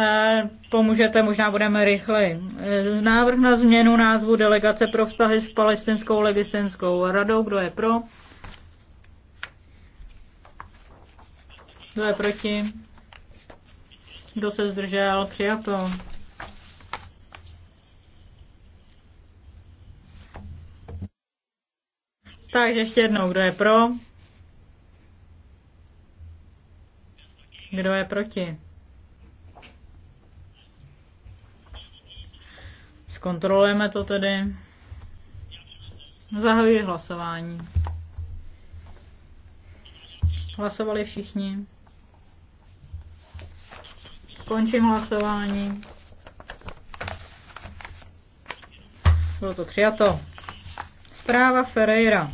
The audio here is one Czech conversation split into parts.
Eh, pomůžete, možná budeme rychleji. Eh, návrh na změnu názvu delegace pro vztahy s palestinskou legislenskou radou. Kdo je pro? Kdo je proti? Kdo se zdržel? Přijato. Takže ještě jednou, kdo je pro? Kdo je proti? Zkontrolujeme to tedy. Zahajuji hlasování. Hlasovali všichni. Končím hlasování. Bylo to přijato. Zpráva Ferreira.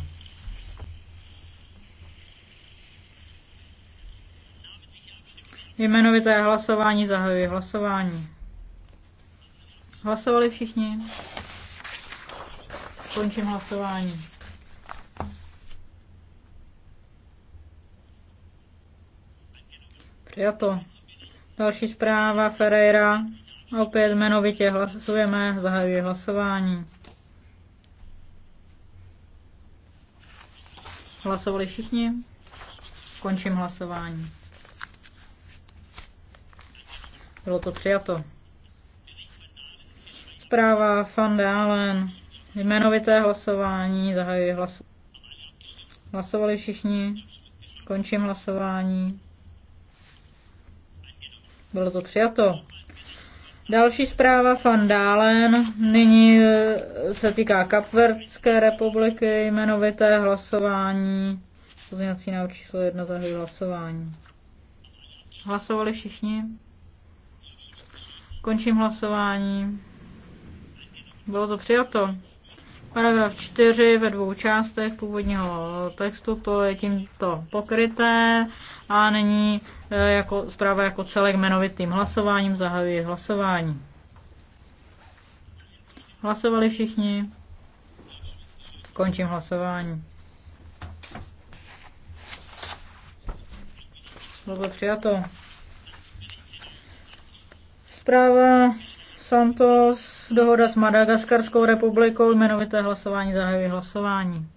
Jmenovité hlasování zahajuje hlasování. Hlasovali všichni? Končím hlasování. Přijato. Další zpráva Ferreira. Opět jmenovitě hlasujeme, zahajuji hlasování. Hlasovali všichni? Končím hlasování. Bylo to přijato. Zpráva Van Dalen. Jmenovité hlasování. Zahajuji hlasování. Hlasovali všichni. Končím hlasování. Bylo to přijato. Další zpráva Van Dalen. Nyní eh, se týká Kapverdské republiky. Jmenovité hlasování. Pozměňovací návrh číslo jedna. zahajuji hlasování. Hlasovali všichni? Končím hlasování. Bylo to přijato. Paragraf 4 ve dvou částech původního textu, to je tímto pokryté a není eh, jako, zpráva jako celek jmenovitým hlasováním, zahajuji hlasování. Hlasovali všichni? Končím hlasování. Bylo to přijato. Zpráva Santos dohoda s Madagaskarskou republikou, jmenovité hlasování, zahajuji hlasování.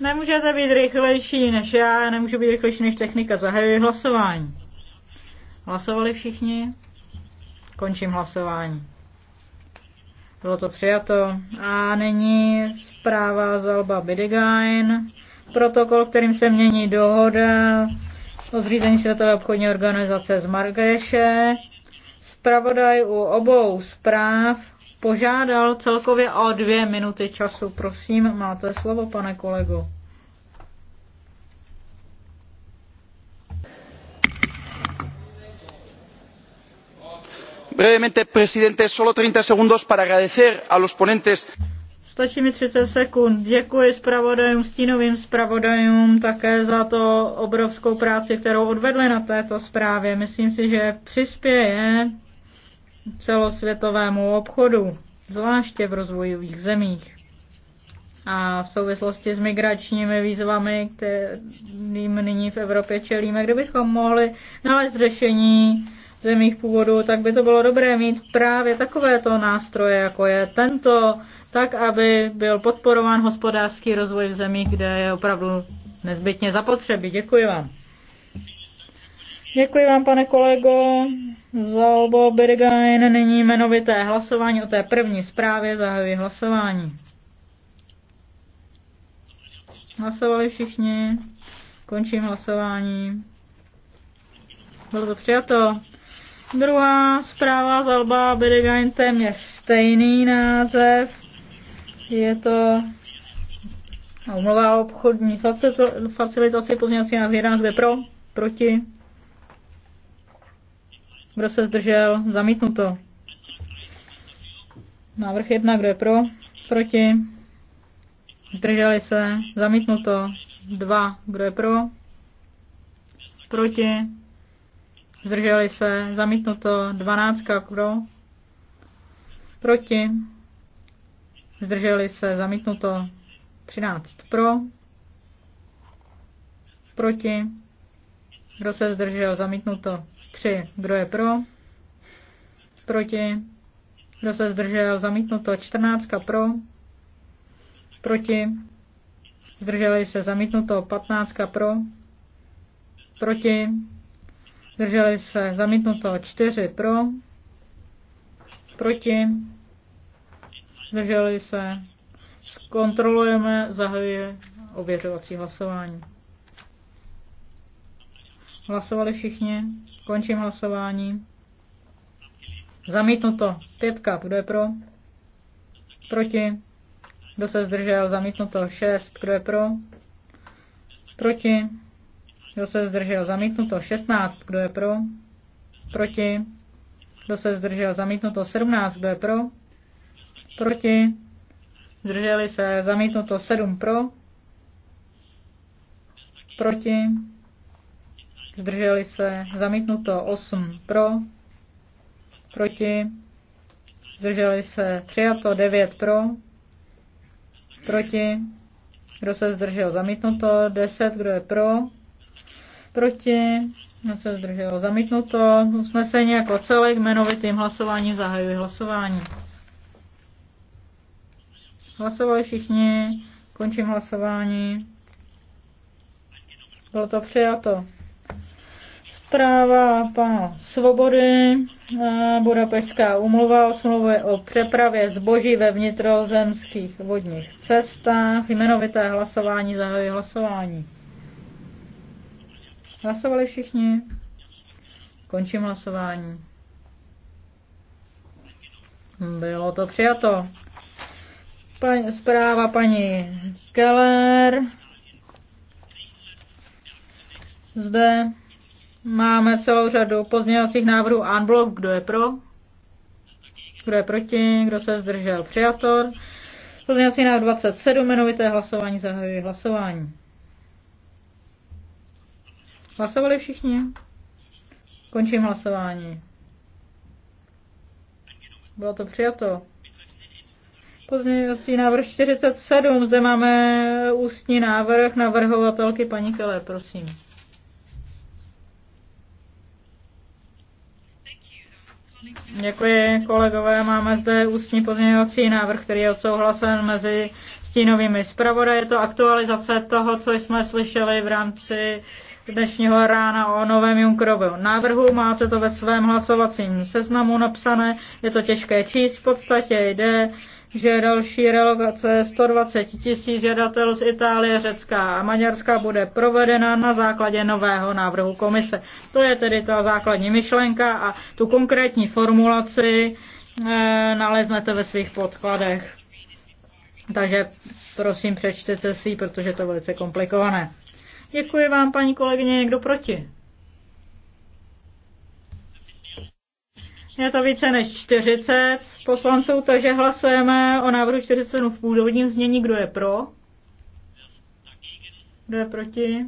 Nemůžete být rychlejší než já, nemůžu být rychlejší než technika. Zahajuji hlasování. Hlasovali všichni? Končím hlasování. Bylo to přijato. A nyní zpráva Zalba Bidegain. Protokol, kterým se mění dohoda o zřízení Světové obchodní organizace z Margeše. Spravodaj u obou zpráv požádal celkově o dvě minuty času. Prosím, máte slovo, pane kolego. brevemente presidente solo treinta segundos para agradecer a los ponentes Stačí mi 30 sekund. Děkuji zpravodajům, stínovým zpravodajům také za to obrovskou práci, kterou odvedli na této zprávě. Myslím si, že přispěje celosvětovému obchodu, zvláště v rozvojových zemích. A v souvislosti s migračními výzvami, kterým nyní v Evropě čelíme, kdybychom mohli nalézt řešení zemích původu, tak by to bylo dobré mít právě takovéto nástroje, jako je tento, tak aby byl podporován hospodářský rozvoj v zemích, kde je opravdu nezbytně zapotřebí. Děkuji vám. Děkuji vám, pane kolego. Za Birgain není jmenovité hlasování o té první zprávě. Zahajuji hlasování. Hlasovali všichni. Končím hlasování. Bylo to přijato. Druhá zpráva z Alba Bedegaintem je stejný název. Je to umluva obchodní facilitace pozměňovací návrh 11, kde pro, proti. Kdo se zdržel? Zamítnuto. Návrh 1, kdo je pro, proti. Zdrželi se. Zamítnuto. 2, kdo je pro, proti Zdrželi se. Zamítnuto. 12. Pro. Proti. Zdrželi se. Zamítnuto. 13. Pro. Proti. Kdo se zdržel? Zamítnuto. 3. Kdo je pro? Proti. Kdo se zdržel? Zamítnuto. 14. Pro. Proti. Zdrželi se. Zamítnuto. 15. Pro. Proti. Zdrželi se. Zamítnuto. 4 pro. Proti. Zdrželi se. Zkontrolujeme. Zahajuje ověřovací hlasování. Hlasovali všichni. Končím hlasování. Zamítnuto. Pětka. Kdo je pro? Proti. Kdo se zdržel? Zamítnuto. Šest. Kdo je pro? Proti. Kdo se zdržel? Zamítnuto 16. Kdo je pro? Proti. Kdo se zdržel? Zamítnuto 17. Kdo je pro? Proti. Zdrželi se. Zamítnuto 7 pro. Proti. Zdrželi se. Zamítnuto 8 pro. Proti. Zdrželi se. Přijato 9 pro. Proti. Kdo se zdržel? Zamítnuto 10. Kdo je pro? proti, kdo se zdrželo zamítnuto, usnesení jako celek, jmenovitým hlasováním zahajuji hlasování. Hlasovali všichni, končím hlasování. Bylo to přijato. Zpráva pana Svobody, eh, Budapešská umluva o smlouvě o přepravě zboží ve vnitrozemských vodních cestách, jmenovité hlasování zahajuje hlasování. Hlasovali všichni? Končím hlasování. Bylo to přijato. Paň, zpráva paní Keller. Zde máme celou řadu pozměňovacích návrhů unblock. Kdo je pro? Kdo je proti? Kdo se zdržel? Přijator. Pozměňovací návrh 27, jmenovité hlasování, zahajuji hlasování. Hlasovali všichni? Končím hlasování. Bylo to přijato. Pozměňovací návrh 47. Zde máme ústní návrh navrhovatelky paní Kele, prosím. Děkuji, kolegové. Máme zde ústní pozměňovací návrh, který je odsouhlasen mezi stínovými zpravodaji. Je to aktualizace toho, co jsme slyšeli v rámci dnešního rána o novém Junckerovém návrhu. Máte to ve svém hlasovacím seznamu napsané, je to těžké číst. V podstatě jde, že další relokace 120 tisíc žadatelů z Itálie, Řecka a Maďarska bude provedena na základě nového návrhu komise. To je tedy ta základní myšlenka a tu konkrétní formulaci e, naleznete ve svých podkladech. Takže prosím přečtěte si protože to je velice komplikované. Děkuji vám, paní kolegyně. Někdo proti? Je to více než 40 poslanců, takže hlasujeme o návrhu 40 v původním znění. Kdo je pro? Kdo je proti?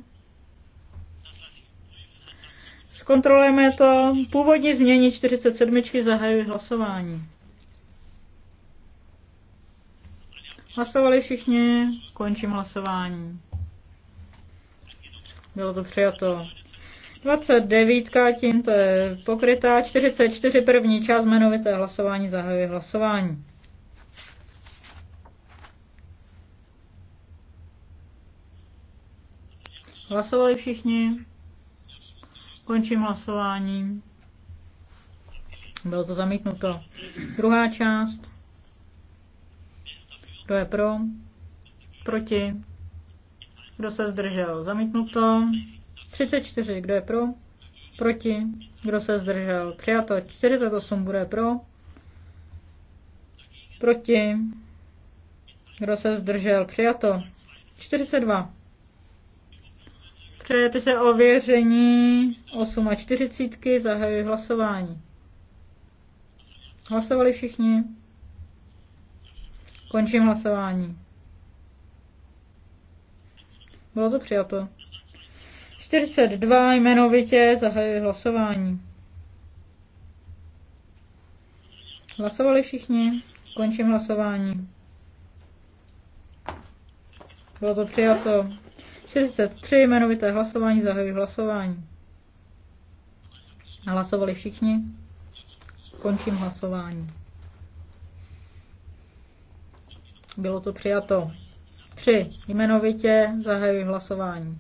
Zkontrolujeme to. Původní změní 47. Zahajuji hlasování. Hlasovali všichni, končím hlasování. Bylo to přijato. 29 tím to je pokrytá. 44 první část jmenovité hlasování zahajuje hlasování. Hlasovali všichni. Končím hlasování. Bylo to zamítnuto. Druhá část. Kdo je pro? Proti? Kdo se zdržel? Zamítnuto. 34. Kdo je pro? Proti. Kdo se zdržel? Přijato. 48. Kdo je pro? Proti. Kdo se zdržel? Přijato. 42. Přejete se ověření 8 a 40. Zahajuji hlasování. Hlasovali všichni? Končím hlasování. Bylo to přijato. 42 jmenovitě zahajuji hlasování. Hlasovali všichni? Končím hlasování. Bylo to přijato. 43 jmenovité hlasování zahajuji hlasování. Hlasovali všichni? Končím hlasování. Bylo to přijato. 3. Jmenovitě zahajuji hlasování.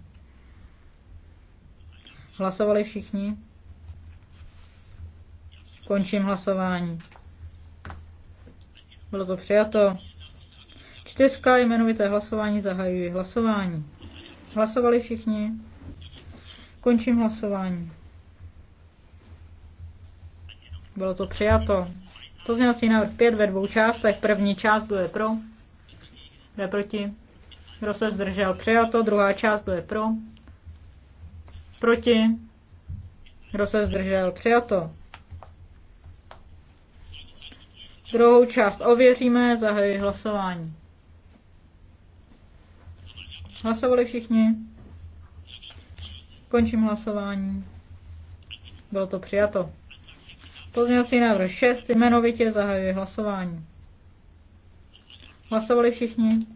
Hlasovali všichni? Končím hlasování. Bylo to přijato. Čtyřka jmenovité hlasování zahajuji hlasování. Hlasovali všichni? Končím hlasování. Bylo to přijato. Pozměňovací návrh 5 ve dvou částech. První část, kdo je pro, kdo je proti, kdo se zdržel? Přijato. Druhá část, kdo je pro? Proti? Kdo se zdržel? Přijato. Druhou část ověříme, zahajuji hlasování. Hlasovali všichni? Končím hlasování. Bylo to přijato. Pozměňovací návrh 6 jmenovitě zahajuje hlasování. Hlasovali všichni?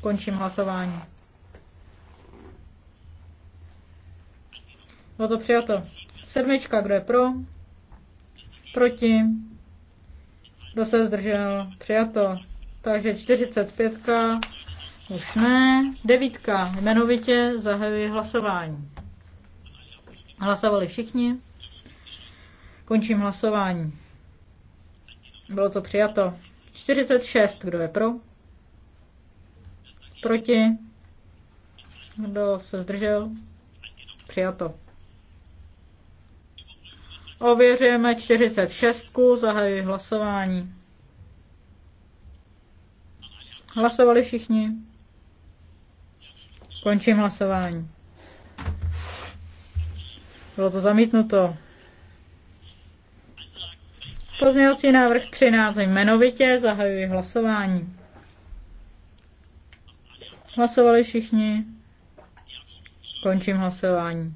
Končím hlasování. Bylo to přijato. Sedmička, kdo je pro? Proti? Kdo se zdržel? Přijato. Takže 45. Už ne. Devítka. Jmenovitě zahajuji hlasování. Hlasovali všichni. Končím hlasování. Bylo to přijato. 46. Kdo je pro? Proti? Kdo se zdržel? Přijato. Ověřujeme 46. Zahajuji hlasování. Hlasovali všichni? Končím hlasování. Bylo to zamítnuto. Pozměňovací návrh 13 jmenovitě zahajuji hlasování. Hlasovali všichni? Končím hlasování.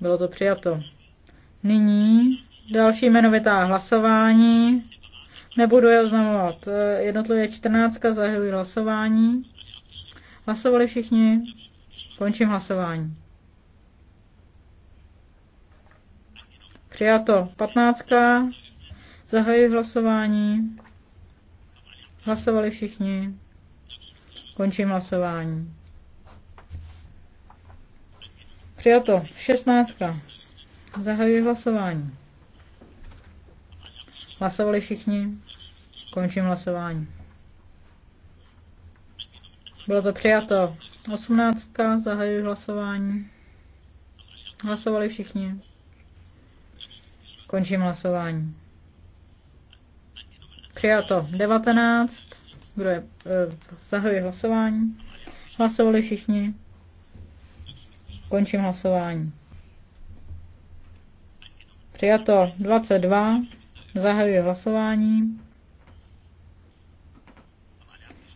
Bylo to přijato. Nyní další jmenovitá hlasování. Nebudu je oznamovat. Jednotlivě 14. zahajuji hlasování. Hlasovali všichni? Končím hlasování. Přijato. 15. Zahajuji hlasování. Hlasovali všichni. Končím hlasování. Přijato. 16. Zahajuji hlasování. Hlasovali všichni. Končím hlasování. Bylo to přijato. 18. Zahajuji hlasování. Hlasovali všichni. Končím hlasování. Přijato. 19. Kdo je e, zahajuje hlasování? Hlasovali všichni? Končím hlasování. Přijato 22. Zahajuje hlasování.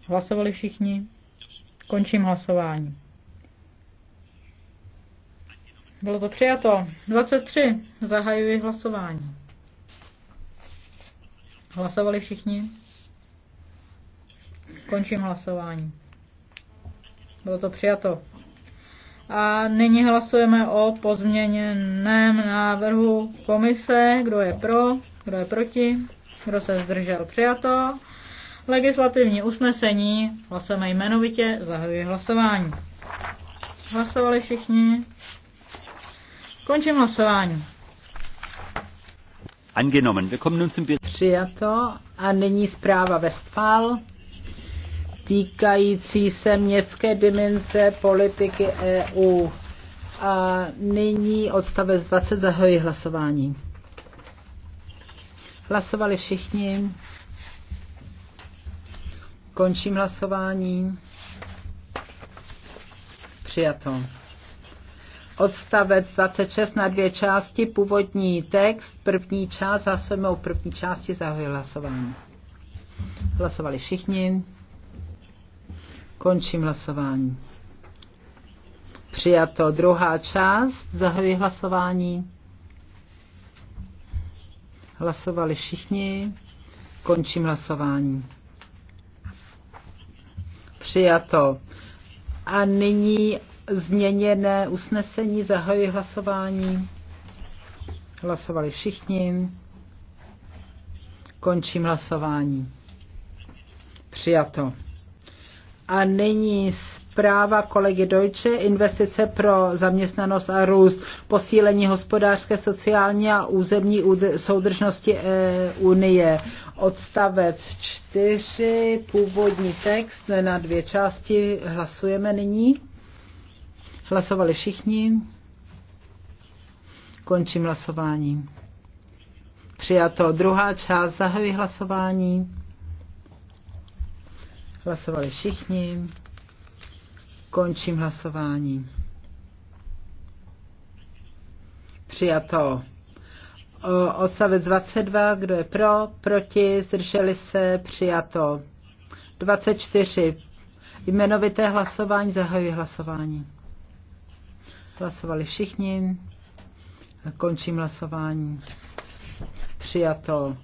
Hlasovali všichni? Končím hlasování. Bylo to přijato. 23. Zahajuji hlasování. Hlasovali všichni? Končím hlasování. Bylo to přijato. A nyní hlasujeme o pozměněném návrhu komise. Kdo je pro, kdo je proti, kdo se zdržel přijato. Legislativní usnesení. Hlasujeme jmenovitě. Zahajuji hlasování. Hlasovali všichni. Končím hlasování. Angenommen. Wir kommen nun zum Přijato a nyní zpráva Westfál týkající se městské dimenze politiky EU. A nyní odstavec 20 zahojí hlasování. Hlasovali všichni. Končím hlasování. Přijato. Odstavec 26 na dvě části, původní text, první část, hlasujeme o první části, zahoji hlasování. Hlasovali všichni. Končím hlasování. Přijato druhá část. Zahajuji hlasování. Hlasovali všichni. Končím hlasování. Přijato. A nyní změněné usnesení. Zahajuji hlasování. Hlasovali všichni. Končím hlasování. Přijato. A nyní zpráva kolegy Deutsche, investice pro zaměstnanost a růst, posílení hospodářské, sociální a územní soudržnosti eh, Unie. Odstavec čtyři původní text na dvě části. Hlasujeme nyní. Hlasovali všichni. Končím hlasování. Přijato druhá část, zahajuji hlasování. Hlasovali všichni. Končím hlasování. Přijato. Odstavec 22, kdo je pro, proti, zdrželi se, přijato. 24. Jmenovité hlasování, zahajuji hlasování. Hlasovali všichni. Končím hlasování. Přijato.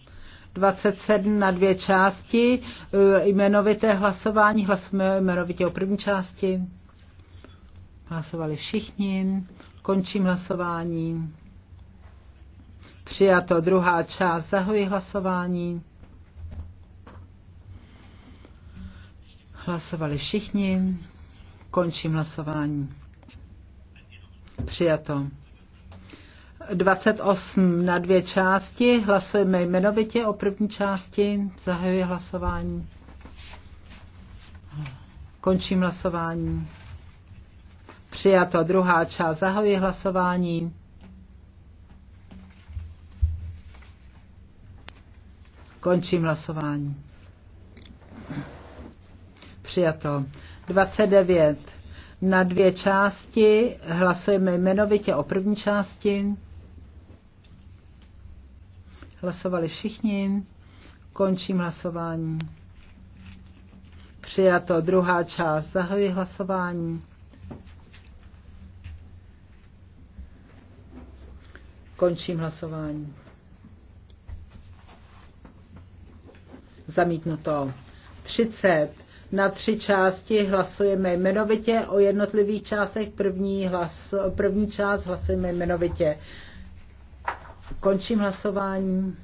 27 na dvě části. Eh, jmenovité hlasování, hlasujeme jmenovitě o první části. Hlasovali všichni. Končím hlasování. Přijato druhá část. Zahoji hlasování. Hlasovali všichni. Končím hlasování. Přijato. 28 na dvě části. Hlasujeme jmenovitě o první části. Zahajuji hlasování. Končím hlasování. Přijato druhá část. Zahajuji hlasování. Končím hlasování. Přijato. 29. Na dvě části hlasujeme jmenovitě o první části. Hlasovali všichni. Končím hlasování. Přijato druhá část. Zahajuji hlasování. Končím hlasování. Zamítnuto. 30. Na tři části hlasujeme jmenovitě. O jednotlivých částech první, hlas, první část hlasujeme jmenovitě. Končím hlasování.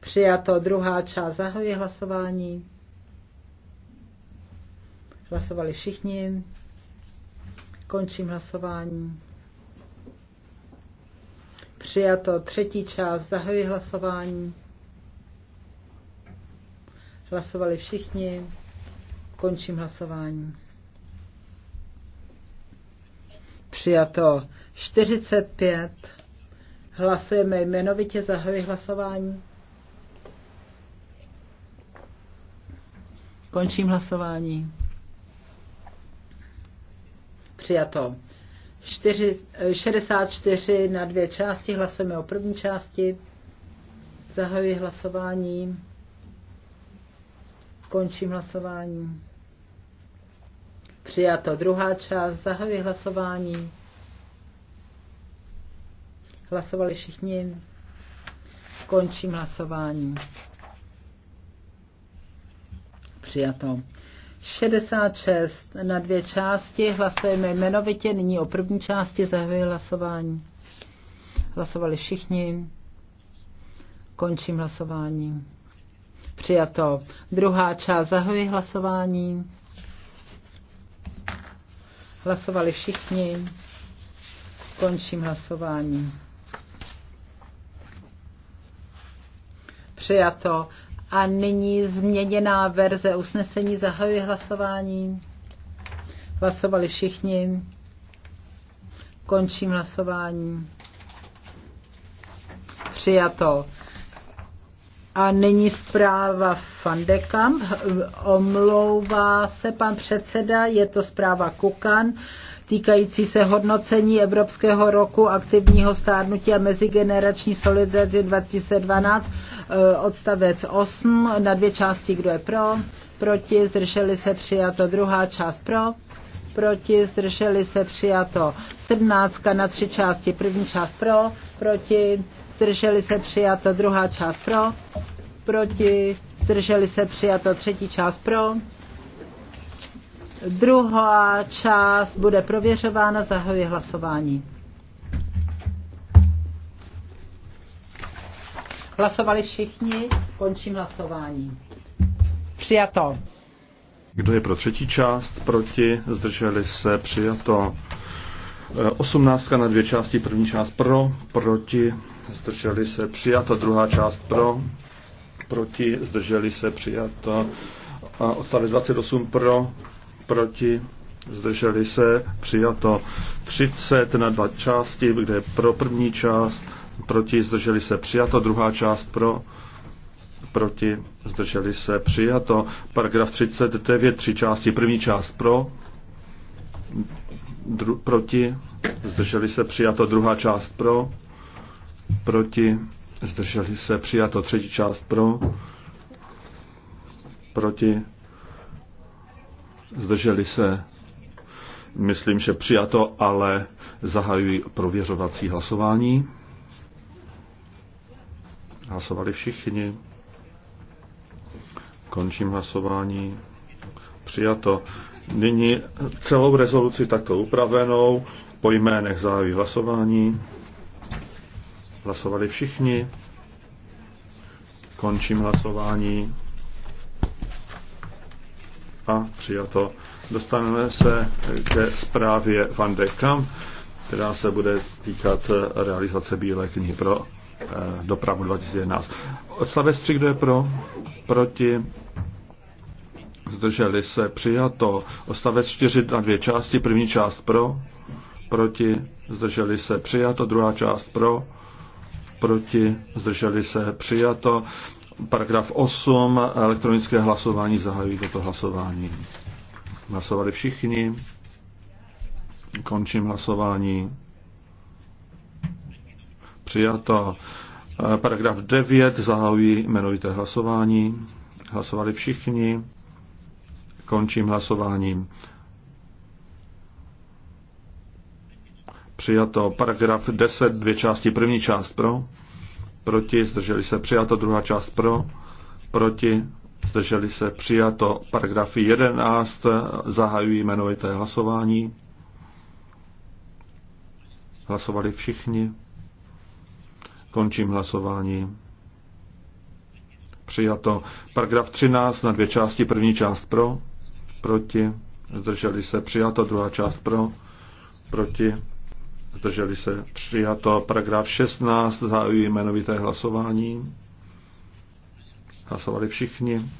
Přijato druhá část. Zahoji hlasování. Hlasovali všichni. Končím hlasování. Přijato třetí část. Zahoji hlasování. Hlasovali všichni. Končím hlasování. Přijato 45. Hlasujeme jmenovitě, zahajuji hlasování. Končím hlasování. Přijato. 4, 64 eh, na dvě části. Hlasujeme o první části. Zahajuji hlasování. Končím hlasování. Přijato druhá část. Zahajuji hlasování. Hlasovali všichni. Končím hlasování. Přijato. 66 na dvě části. Hlasujeme jmenovitě. Nyní o první části zahajuji hlasování. Hlasovali všichni. Končím hlasování. Přijato. Druhá část. Zahajuji hlasování. Hlasovali všichni. Končím hlasování. Přijato. A nyní změněná verze usnesení zahajuje hlasování. Hlasovali všichni. Končím hlasování. Přijato. A nyní zpráva Fandekam. Omlouvá se pan předseda, je to zpráva Kukan týkající se hodnocení Evropského roku aktivního stárnutí a mezigenerační solidarity 2012, eh, odstavec 8 na dvě části, kdo je pro, proti, zdrželi se přijato, druhá část pro, proti, zdrželi se přijato, 17 na tři části, první část pro, proti, zdrželi se přijato, druhá část pro, proti, zdrželi se přijato, třetí část pro, Druhá část bude prověřována, zahajuji hlasování. Hlasovali všichni, končím hlasování. Přijato. Kdo je pro třetí část? Proti? Zdrželi se? Přijato. Osmnáctka na dvě části. První část pro, proti, zdrželi se, přijato. Druhá část pro, proti, zdrželi se, přijato. A odstavec 28 pro, proti, zdrželi se, přijato 30 na dva části, kde pro první část, proti, zdrželi se, přijato druhá část pro, proti, zdrželi se, přijato. Paragraf 39, tři části, první část pro, dru, proti, zdrželi se, přijato, druhá část pro, proti, zdrželi se, přijato, třetí část pro, proti, zdrželi se, myslím, že přijato, ale zahajují prověřovací hlasování. Hlasovali všichni. Končím hlasování. Přijato. Nyní celou rezoluci takto upravenou po jménech zahájí hlasování. Hlasovali všichni. Končím hlasování a přijato. Dostaneme se ke zprávě Van de Kamp, která se bude týkat eh, realizace Bílé knihy pro eh, dopravu 2011. Odstavec 3, kdo je pro? Proti? Zdrželi se přijato. Ostavec 4 na dvě části. První část pro? Proti? Zdrželi se přijato. Druhá část pro? Proti? Zdrželi se přijato paragraf 8, elektronické hlasování, zahajují toto hlasování. Hlasovali všichni. Končím hlasování. Přijato. Paragraf 9, zahajují jmenovité hlasování. Hlasovali všichni. Končím hlasováním. Přijato. Paragraf 10, dvě části. První část pro proti, zdrželi se přijato, druhá část pro, proti, zdrželi se přijato. Paragrafy 11 zahajují jmenovité hlasování. Hlasovali všichni. Končím hlasování. Přijato. Paragraf 13 na dvě části. První část pro, proti, zdrželi se přijato, druhá část pro, proti, zdrželi se přijato. Paragraf 16 zahajují jmenovité hlasování. Hlasovali všichni.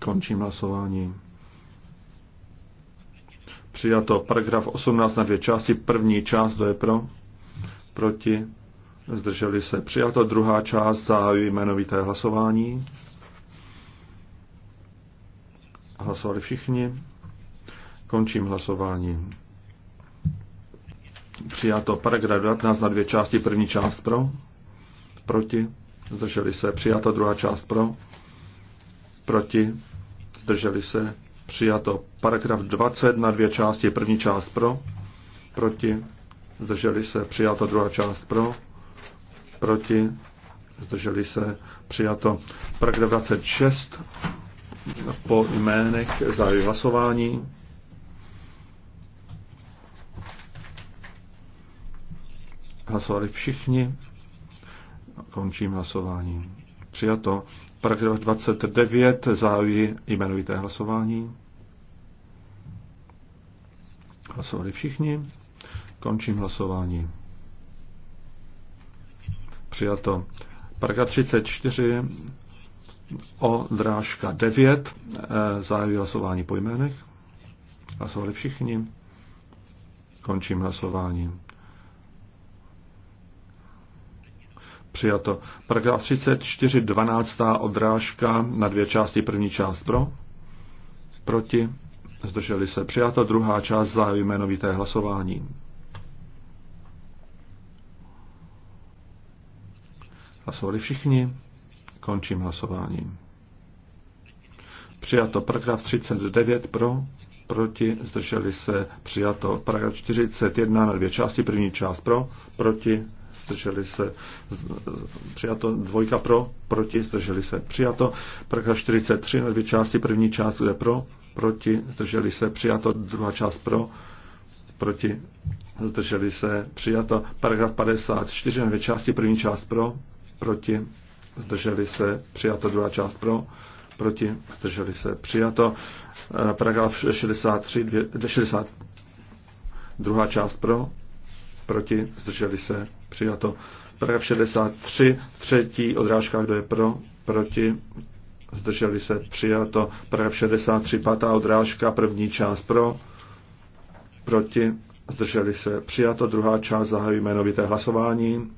Končím hlasování. Přijato paragraf 18 na dvě části. První část, to je pro? Proti? Zdrželi se. Přijato druhá část, zahajují jmenovité hlasování. Hlasovali všichni. Končím hlasování. Přijato paragraf 19 na dvě části. První část pro, proti, zdrželi se. Přijato druhá část pro, proti, zdrželi se. Přijato paragraf 20 na dvě části. První část pro, proti, zdrželi se. Přijato druhá část pro, proti, zdrželi se. Přijato paragraf 26 po jménech zahajuji hlasování. Hlasovali všichni. Končím hlasování. Přijato. Paragraf 29. Zahajuji jmenovité hlasování. Hlasovali všichni. Končím hlasování. Přijato. Paragraf 34 o drážka 9. Zahajuji hlasování po jménech. Hlasovali všichni. Končím hlasování. Přijato. Paragraf 34, 12. odrážka na dvě části. První část pro, proti, zdrželi se. Přijato. Druhá část za jmenovité hlasování. Hlasovali všichni. Končím hlasování. Přijato paragraf 39 pro, proti, zdrželi se, přijato paragraf 41 na dvě části, první část pro, proti, zdrželi se přijato, dvojka pro, proti, zdrželi se přijato, paragraf 43 na dvě části, první část je pro, proti, zdrželi se přijato, druhá část pro, proti, zdrželi se přijato, paragraf 54 na dvě části, první část pro, proti, zdrželi se přijato, druhá část pro, proti, zdrželi se přijato, eh, paragraf 63, dvě, 60, druhá část pro, proti, zdrželi se, přijato. Paragraf 63, třetí odrážka, kdo je pro, proti, zdrželi se, přijato. Paragraf 63, pátá odrážka, první část pro, proti, zdrželi se, přijato. Druhá část zahajují jmenovité hlasování.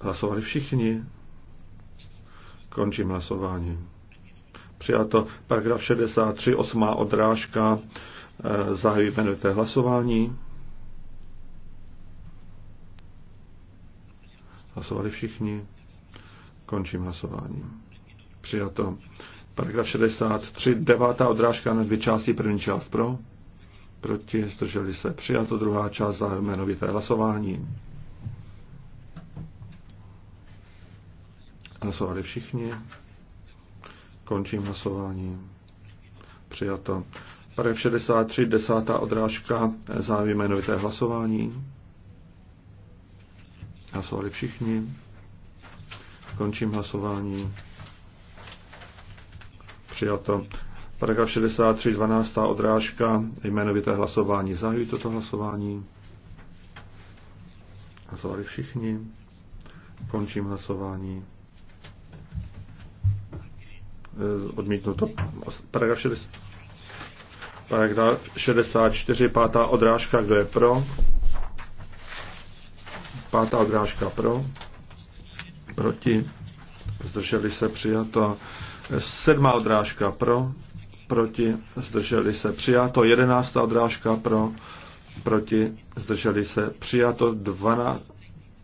Hlasovali všichni. Končím hlasování. Přijato paragraf 63, osmá odrážka. Eh, zahajuji jmenovité hlasování. Hlasovali všichni. Končím hlasování. Přijato. Paragraf 63, devátá odrážka na dvě části. První část pro, proti, zdrželi se. Přijato druhá část za jmenovité hlasování. Hlasovali všichni. Končím hlasování. Přijato. Paragraf 63, desátá odrážka, závěr jmenovité hlasování. Hlasovali všichni. Končím hlasování. Přijato. Paragraf 63, 12. odrážka, jmenovité hlasování. Zahajuji toto hlasování. Hlasovali všichni. Končím hlasování. Eh, odmítnuto. Paragraf Paragraf 64, pátá odrážka, kdo je pro? Pátá odrážka pro. Proti. Zdrželi se přijato. Sedmá odrážka pro. Proti. Zdrželi se přijato. Jedenáctá odrážka pro. Proti. Zdrželi se přijato. dvaná.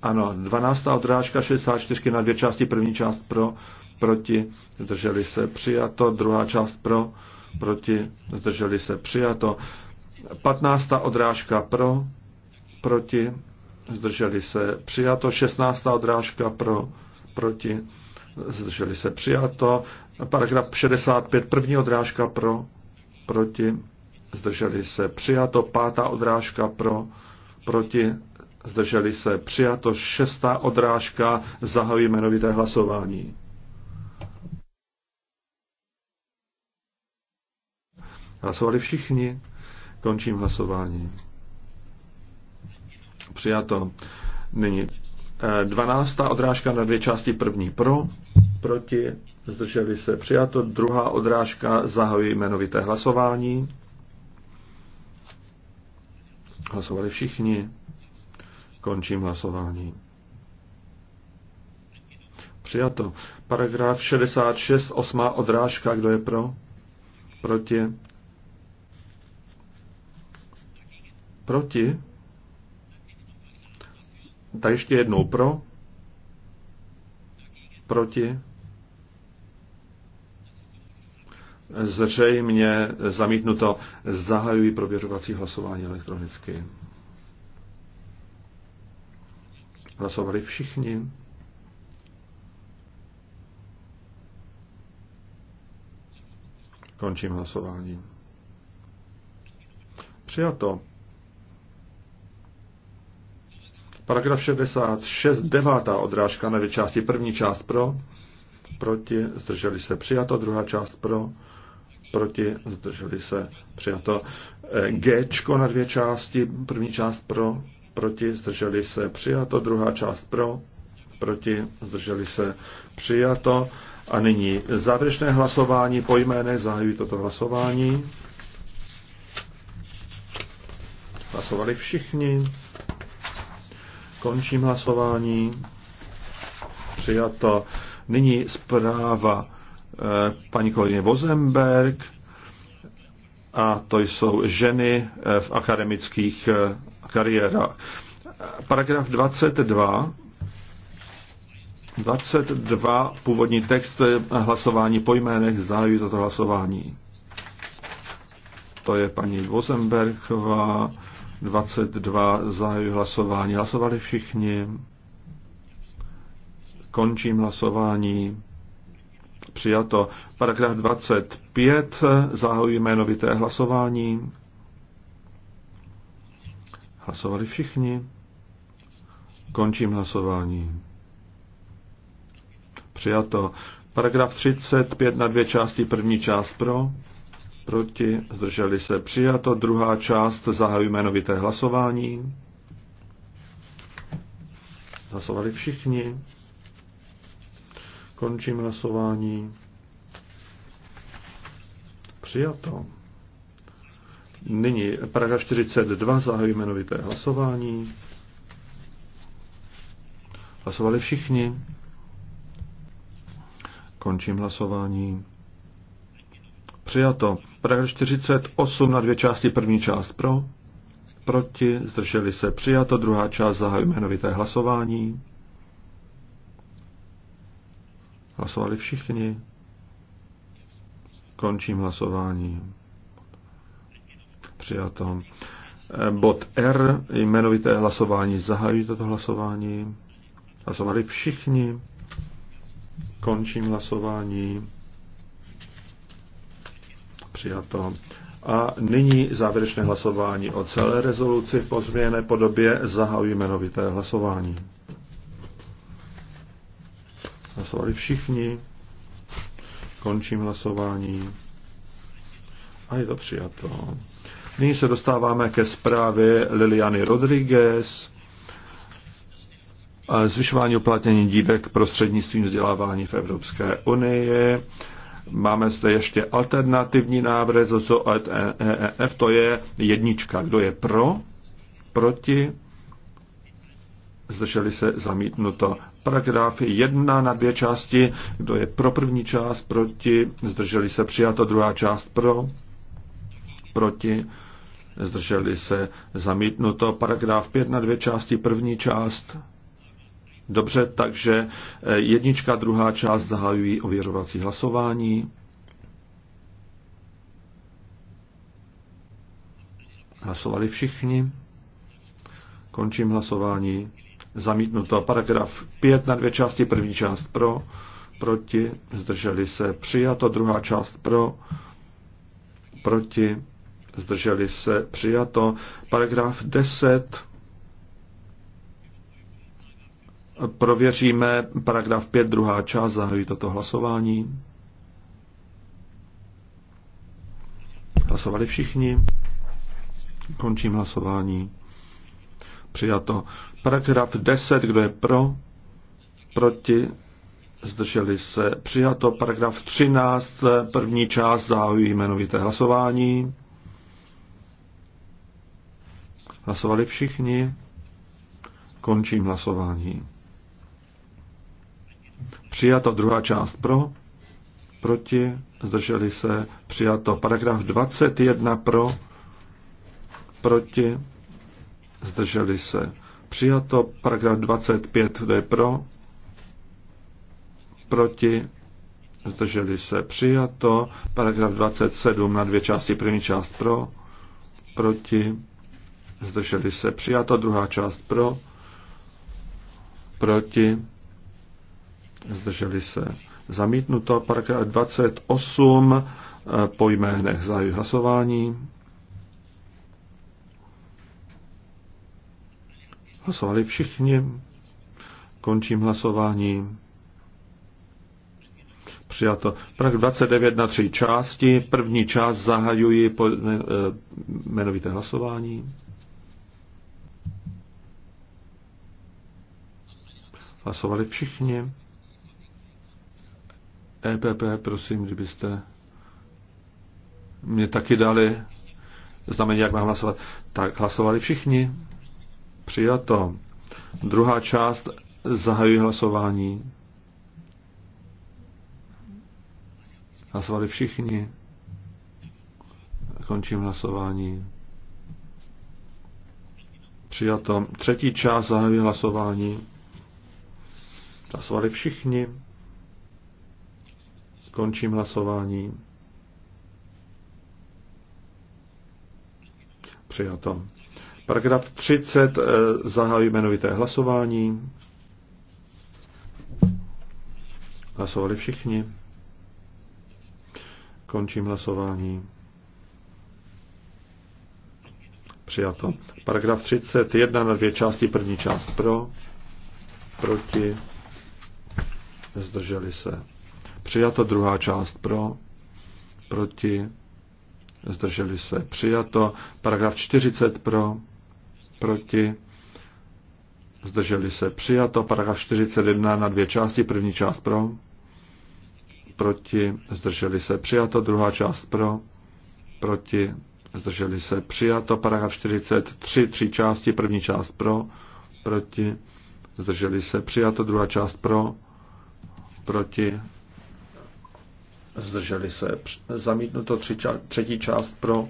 Ano, dvanáctá odrážka 64 na dvě části, první část pro, proti, zdrželi se přijato, druhá část pro, proti, zdrželi se přijato, patnáctá odrážka pro, proti, zdrželi se přijato, šestnáctá odrážka pro, proti, zdrželi se přijato, paragraf 65, první odrážka pro, proti, zdrželi se přijato, pátá odrážka pro, proti, zdrželi se přijato, šestá odrážka, zahajuji jmenovité hlasování. Hlasovali všichni. Končím hlasování. Přijato. Nyní 12. Eh, odrážka na dvě části. První pro, proti, zdrželi se. Přijato. Druhá odrážka zahajuje jmenovité hlasování. Hlasovali všichni. Končím hlasování. Přijato. Paragraf 66, osmá odrážka. Kdo je pro? Proti? Proti? Tak ještě jednou pro. Proti? Zřejmě zamítnuto. zahajují prověřovací hlasování elektronicky. Hlasovali všichni. Končím hlasování. Přijato. Paragraf 66, devátá odrážka na dvě části. První část pro, proti, zdrželi se přijato. Druhá část pro, proti, zdrželi se přijato. E, G na dvě části. První část pro, proti, zdrželi se přijato. Druhá část pro, proti, zdrželi se přijato. A nyní závěrečné hlasování po jménech zahajuji toto hlasování. Hlasovali všichni. Končím hlasování. Přijato. Nyní zpráva eh, paní kolegyně Vozemberg a to jsou ženy eh, v akademických eh, kariérách. Paragraf 22 22, původní text hlasování po jménech, zahajuji toto hlasování. To je paní Vozenbergová. 22 zahajuji hlasování. Hlasovali všichni. Končím hlasování. Přijato. Paragraf 25. Zahajuji jmenovité hlasování. Hlasovali všichni. Končím hlasování. Přijato. Paragraf 35 na dvě části. První část pro proti, zdrželi se přijato. Druhá část, zahajuji jmenovité hlasování. Hlasovali všichni. Končím hlasování. Přijato. Nyní Praha 42, zahajuji jmenovité hlasování. Hlasovali všichni. Končím hlasování. Přijato. Paragraf 48 na dvě části. První část pro, proti, zdrželi se přijato. Druhá část zahajuje jmenovité hlasování. Hlasovali všichni. Končím hlasování. Přijato. E, bod R, jmenovité hlasování. zahajují toto hlasování. Hlasovali všichni. Končím hlasování. Přijato. A nyní závěrečné hlasování o celé rezoluci v pozměněné podobě. Zahajuji jmenovité hlasování. Hlasovali všichni. Končím hlasování. A je to přijato. Nyní se dostáváme ke zprávě Liliany Rodriguez. Zvyšování uplatnění dívek prostřednictvím vzdělávání v Evropské unii. Máme zde ještě alternativní návrh, co e e to je jednička. Kdo je pro, proti, zdrželi se zamítnuto. Paragraf 1 na dvě části, kdo je pro první část, proti, zdrželi se přijato, druhá část pro, proti, zdrželi se zamítnuto. Paragraf 5 na dvě části, první část Dobře, takže eh, jednička, druhá část zahajují ověřovací hlasování. Hlasovali všichni. Končím hlasování. Zamítnuto. Paragraf 5 na dvě části. První část pro, proti, zdrželi se. Přijato. Druhá část pro, proti, zdrželi se. Přijato. Paragraf 10 Prověříme paragraf 5, druhá část, zahajuji toto hlasování. Hlasovali všichni. Končím hlasování. Přijato. Paragraf 10, kdo je pro, proti, zdrželi se. Přijato. Paragraf 13, první část, zahajuji jmenovité hlasování. Hlasovali všichni. Končím hlasování. Přijato druhá část pro, proti, zdrželi se, přijato. Paragraf 21 pro, proti, zdrželi se. Přijato paragraf 25, to je pro, proti, zdrželi se. Přijato paragraf 27 na dvě části, první část pro, proti, zdrželi se. Přijato druhá část pro, proti, zdrželi se. Zamítnuto paragraf 28 eh, po jménech zahajuji hlasování. Hlasovali všichni. Končím hlasování. Přijato. Prak 29 na tři části. První část zahajuji po, eh, jmenovité hlasování. Hlasovali všichni. EPP, prosím, kdybyste mě taky dali znamení, jak mám hlasovat. Tak hlasovali všichni. Přijato. Druhá část zahajuje hlasování. Hlasovali všichni. Končím hlasování. Přijato. Třetí část zahajuje hlasování. Hlasovali všichni. Končím hlasování. Přijato. Paragraf 30. Eh, zahájí jmenovité hlasování. Hlasovali všichni. Končím hlasování. Přijato. Paragraf 31 na dvě části. První část pro, proti, zdrželi se přijato, druhá část pro, proti, zdrželi se, přijato, paragraf 40 pro, proti, zdrželi se, přijato, paragraf 41 na dvě části, první část pro, proti, zdrželi se, přijato, druhá část pro, proti, zdrželi se, přijato, paragraf 43, tři části, první část pro, proti, zdrželi se, přijato, druhá část pro, proti, zdrželi se, zamítnuto tři, třetí část pro.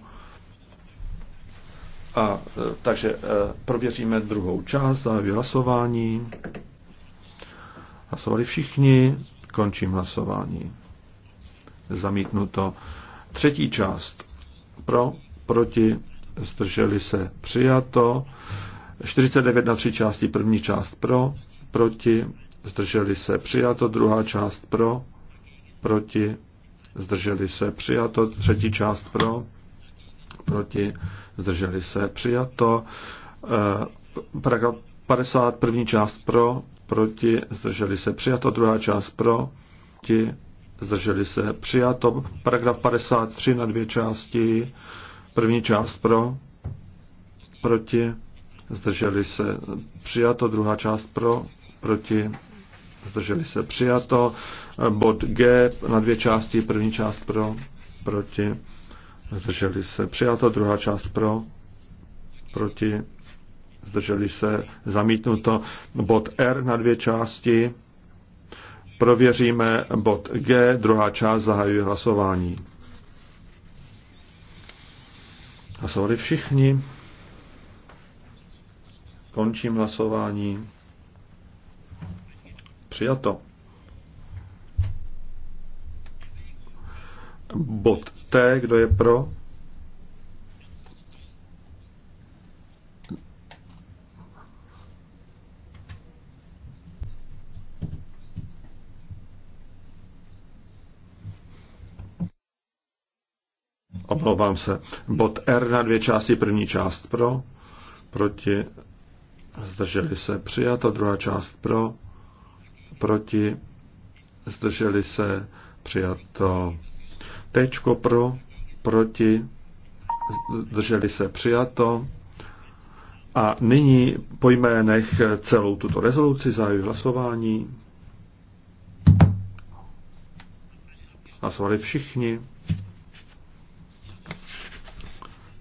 A e, takže e, prověříme druhou část, zahajuji hlasování. Hlasovali všichni, končím hlasování. Zamítnuto. Třetí část pro, proti, zdrželi se, přijato. 49 na tři části, první část pro, proti, zdrželi se, přijato, druhá část pro, proti, zdrželi se přijato, třetí část pro, proti, zdrželi se přijato, eh, paragraf 50, první část pro, proti, zdrželi se přijato, druhá část pro, proti, zdrželi se přijato, paragraf 53 na dvě části, první část pro, proti, zdrželi se přijato, druhá část pro, proti, zdrželi se přijato, Bod G na dvě části. První část pro, proti. Zdrželi se. Přijato. Druhá část pro, proti. Zdrželi se. Zamítnuto. Bod R na dvě části. Prověříme bod G, druhá část, zahajuje hlasování. Hlasovali všichni. Končím hlasování. Přijato. Bod T, kdo je pro? Omlouvám se. Bod R na dvě části. První část pro, proti, zdrželi se přijato. Druhá část pro, proti, zdrželi se přijato tečko pro, proti, drželi se přijato. A nyní po jménech celou tuto rezoluci zahajuji hlasování. Hlasovali všichni.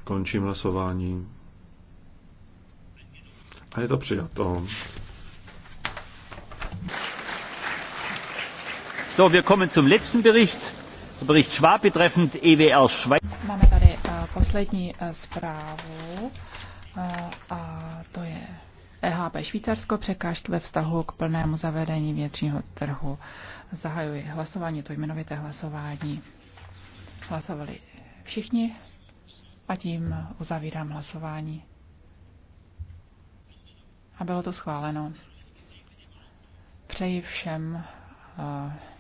Končím hlasování. A je to přijato. So, wir kommen zum letzten Bericht. Bericht Schwab betreffend EWR Schweiz. Máme tady eh, poslední eh, zprávu eh, a to je EHP Švýcarsko překážky ve vztahu k plnému zavedení vnitřního trhu. Zahajuji hlasování, to jmenovité hlasování. Hlasovali všichni a tím uzavírám hlasování. A bylo to schváleno. Přeji všem uh,